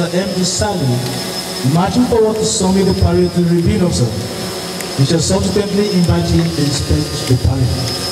Mr. M. D. Salu, marching forward to summit the parade to reveal himself. which shall subsequently invite him to inspect the parade.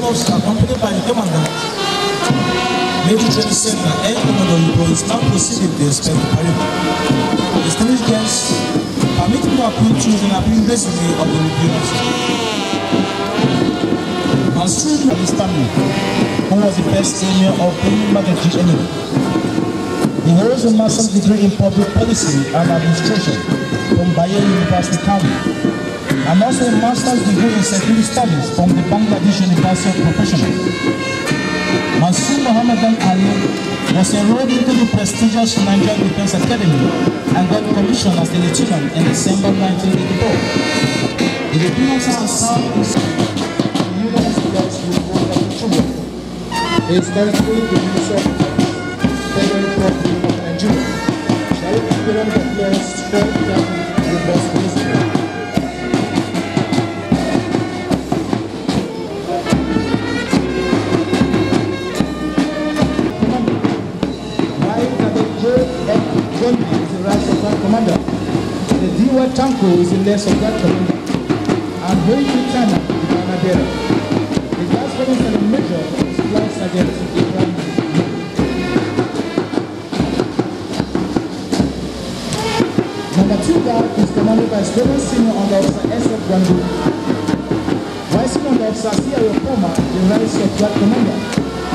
Belarus accompanied by the commandant, Major General Center and Commander Yubo is now proceeding to inspect the parade. Distinguished guests, permit me to appeal to the appeal recently of the reviewers. Considering the standing, who was the best senior of any magnitude enemy, he holds a master's degree in public policy and administration from Bayeux University County. and also a master's degree in security studies from the Bangladesh University of Professionals. Masood Mohammedan Ali was enrolled into the prestigious Nigerian Defense Academy and got commissioned as a lieutenant in December 1984. The lieutenant has served in the United States with Nigeria. He is currently the Minister of Federal Republic of Nigeria. Sharon Imperial declares 12,000 the best Tanko is the less of that community. And when you turn up the the last one is a measure supplies against the crime. Number two guard is commanded by Stephen Senior under Officer S.F. Gandhi. Vice Commander Officer C.I.O. Koma, the rise of Black Commander.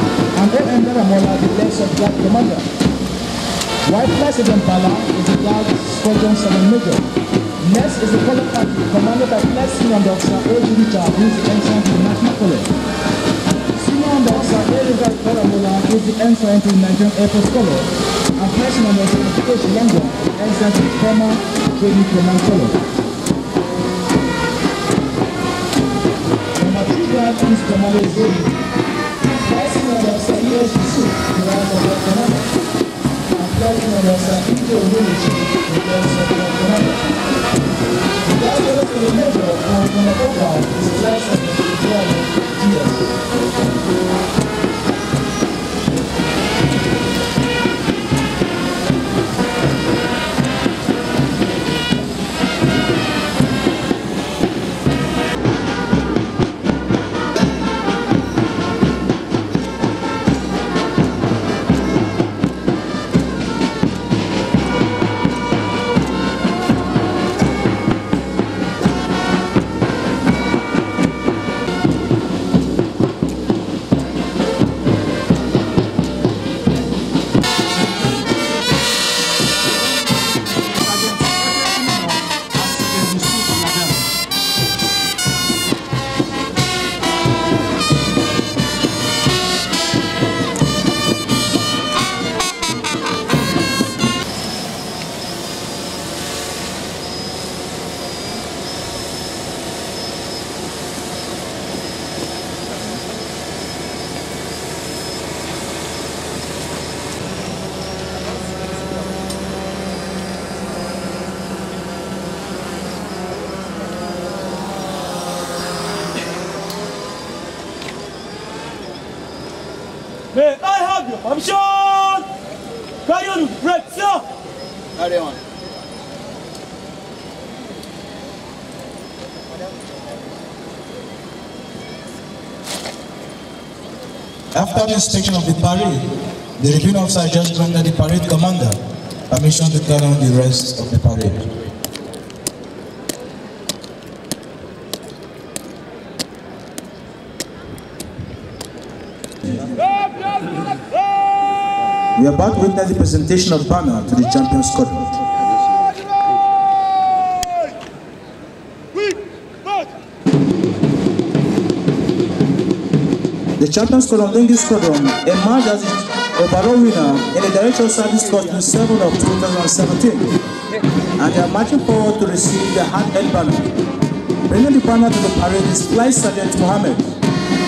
And O.M. Daramola, the less of Black Commander. White President Bala is the guard squadron 7 major. is the color Party, commanded by Flight Senior A. who is the ensign to the National Polo. Senior Boxer A. River Koramola is the ensign to the Nigerian Air Force Polo. And Flight Senior Boxer H. Yango, to the former training command Polo. Number two is Commando Zoe. Flight Senior Boxer E. the Rise the Yes. May I have your permission? Carry on with bread, sir. Carry on. After the inspection of the parade, the review officer just granted the parade commander permission to carry on the rest of the parade. We are about to witness the presentation of banner to the champion Scotland. The champion Scotland Lingis Squadron emerged as the overall winner in the Director Service Costume 7 of 2017 and they are marching forward to receive the hand held banner. Bringing the banner to the parade is Flight Sergeant Mohammed,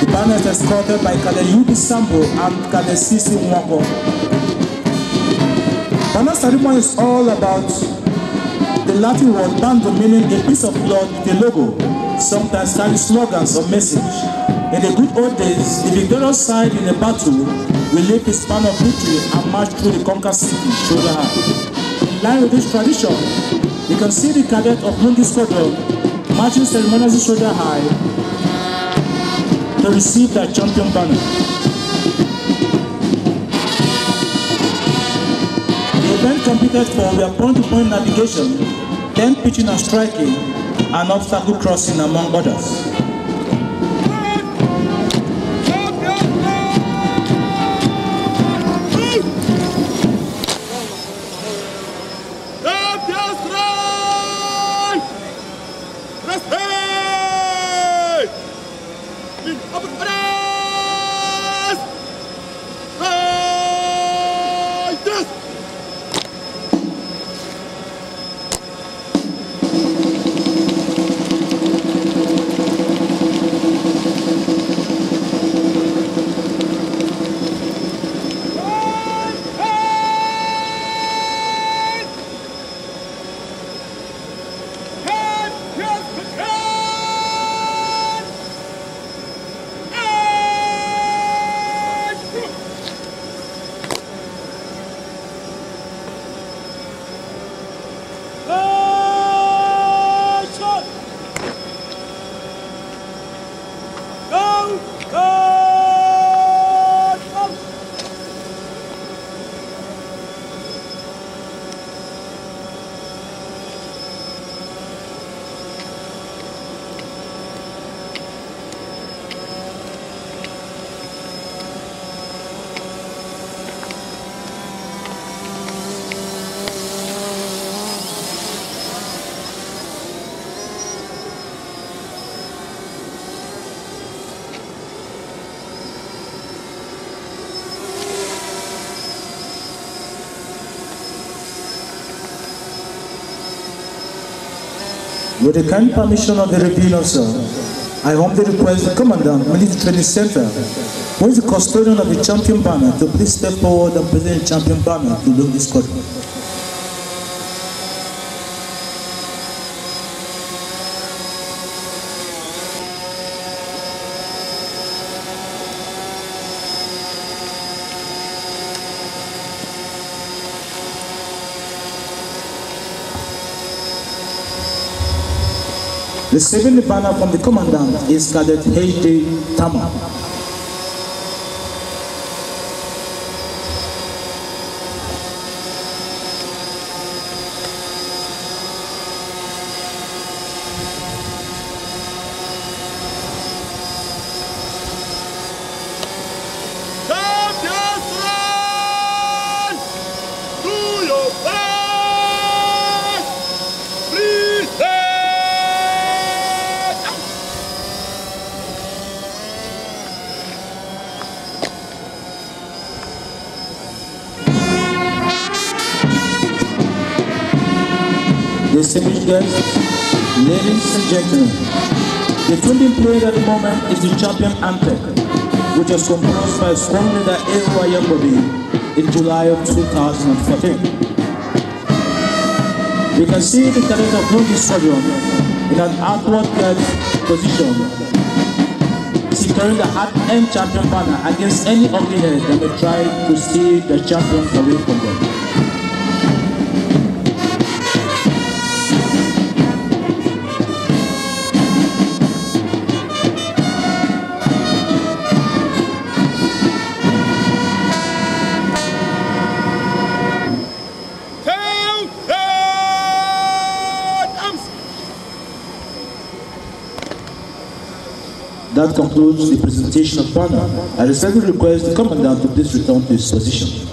the banner is escorted by Kade Yubi Sambo and Kade Sisi Mwako. Ghana ceremony is all about the Latin word dando, meaning a piece of cloth with a logo, sometimes carry slogans or message. In the good old days, the victorious side in a battle will leave his span of victory and march through the conquered city shoulder high. In line with this tradition, you can see the cadet of Lungi Squadron marching ceremoniously shoulder high to receive their champion banner. event competed for their point to -point navigation, then pitching and striking, and obstacle crossing, among others. With the kind permission of the European officer, I humbly request the Commandant, Military Training Center, who is the custodian of the champion banner, to please step forward and present the champion banner to Longis Court. The civil banner from the commandant is Cadet H.D. Tama. guests, ladies and The trending player at the moment is the Champion Anthem, which was composed by song leader A.Y. Yambobi in July of 2014. You can see the talent of Yogi Stadium in an outward guard position, securing the hard end champion banner against any ugly head that may try to steal the champion away from them. That concludes the presentation of panel. I respectfully request the Commandant to please return to his position.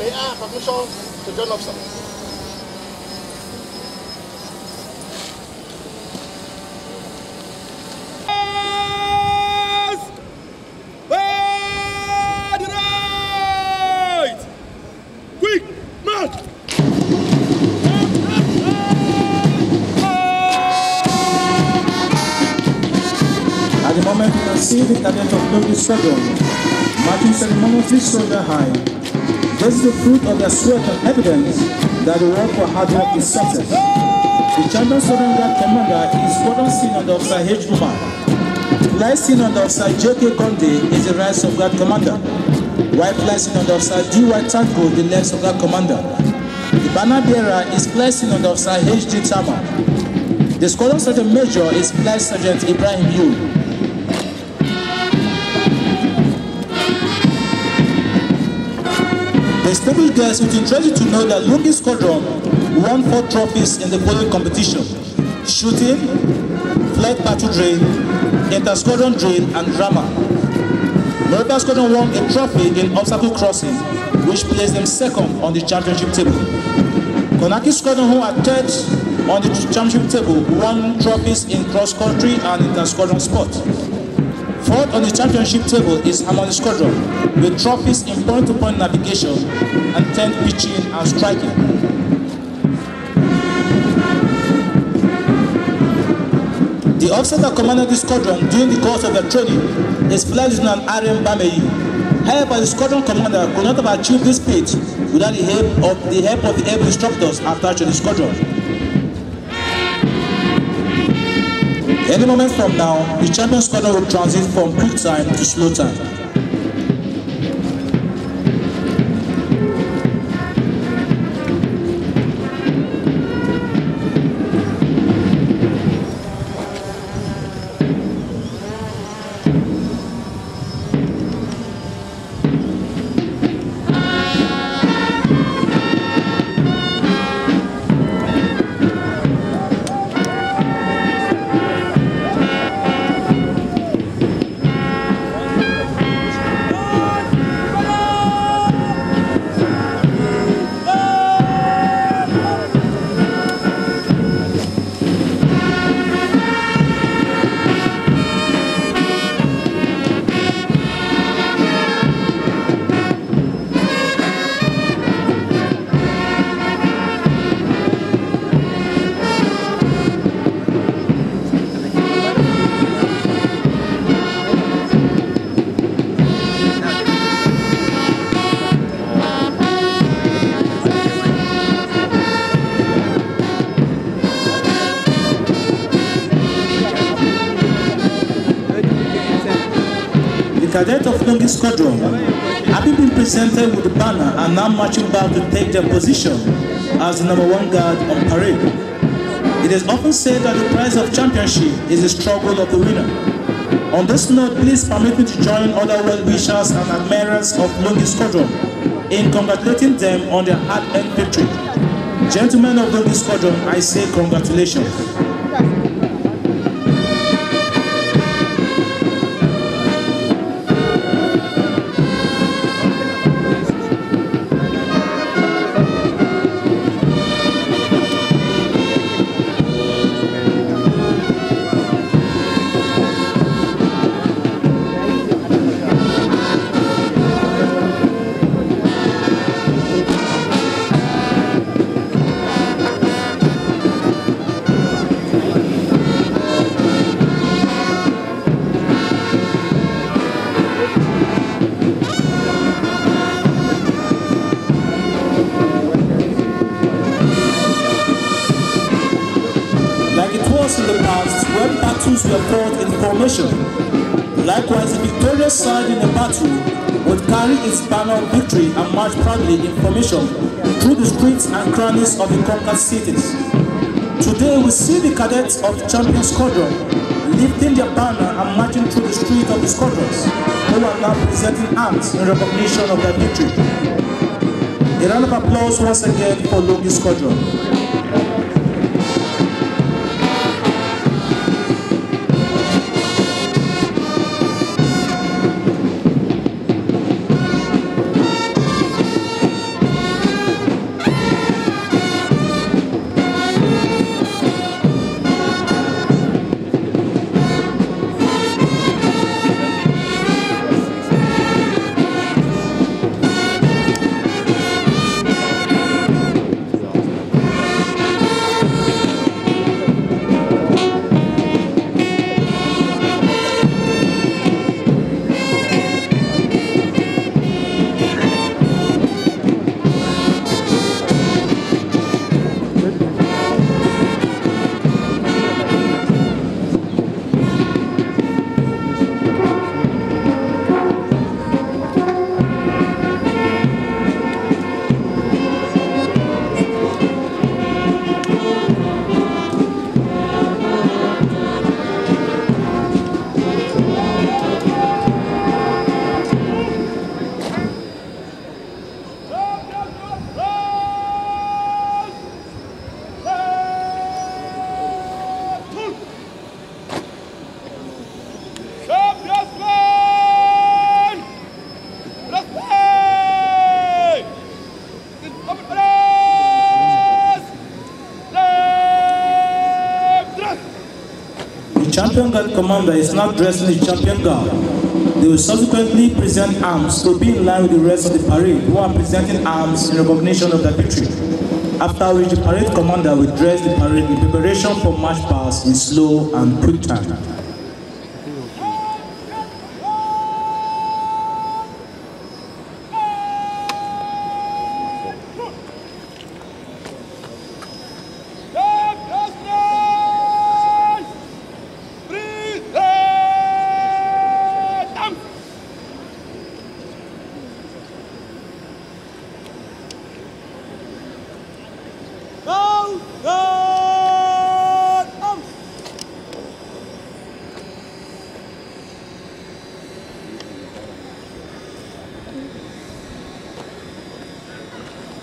May I have permission to join officers? struggle. Martin is shoulder high. This is the fruit of their sweat and evidence that the work for hard work is success. The champion Southern Guard commander is Gordon seen under Officer H. Kumar. Last seen under Officer J.K. Conde is the right of Guard commander. White flag seen under Officer D.Y. Tanko, the left of Guard commander. The banner bearer is placed in under Officer H.G. Tama. The squadron sergeant major is Flight Sergeant Ibrahim Yu. The stable girls would interest to know that Lungi Squadron won four trophies in the following competition. Shooting, flat battle drill, inter-squadron drill, and drama. Meriba Squadron won a trophy in obstacle crossing, which placed them second on the championship table. Konaki Squadron, who are third on the championship table, won trophies in cross-country and inter-squadron sport. Fourth on the championship table is Harmony Squadron, with trophies in point-to-point -point navigation and ten pitching and striking. The officer that commanded the squadron during the course of the training is Flight Lieutenant Ariam Bameyi. However, the squadron commander could not have achieved this feat without the help of the, help of the air instructors attached to the squadron. Any moment from now, the champion corner will transit from quick time to slow time. cadet of Lungi Squadron, having been presented with the banner and now marching back to take their position as the number one guard on parade. It is often said that the prize of championship is the struggle of the winner. On this note, please permit me to join other well-wishers and admirers of Lungi Squadron in congratulating them on their hard-earned victory. Gentlemen of Lungi Squadron, I say congratulations. were caught in formation. Likewise, the victorious side in a battle would carry its banner of victory and march proudly in formation through the streets and crannies of the conquered cities. Today, we see the cadets of the champion squadron lifting their banner and marching through the streets of the squadrons, who are now presenting arms in recognition of their victory. A round of applause once again for Logi Squadron. commander is not dressed in the champion gown. They will subsequently present arms to be in line with the rest of the parade who are presenting arms in recognition of their victory. After which the parade commander will dress the parade in preparation for march past in slow and quick time.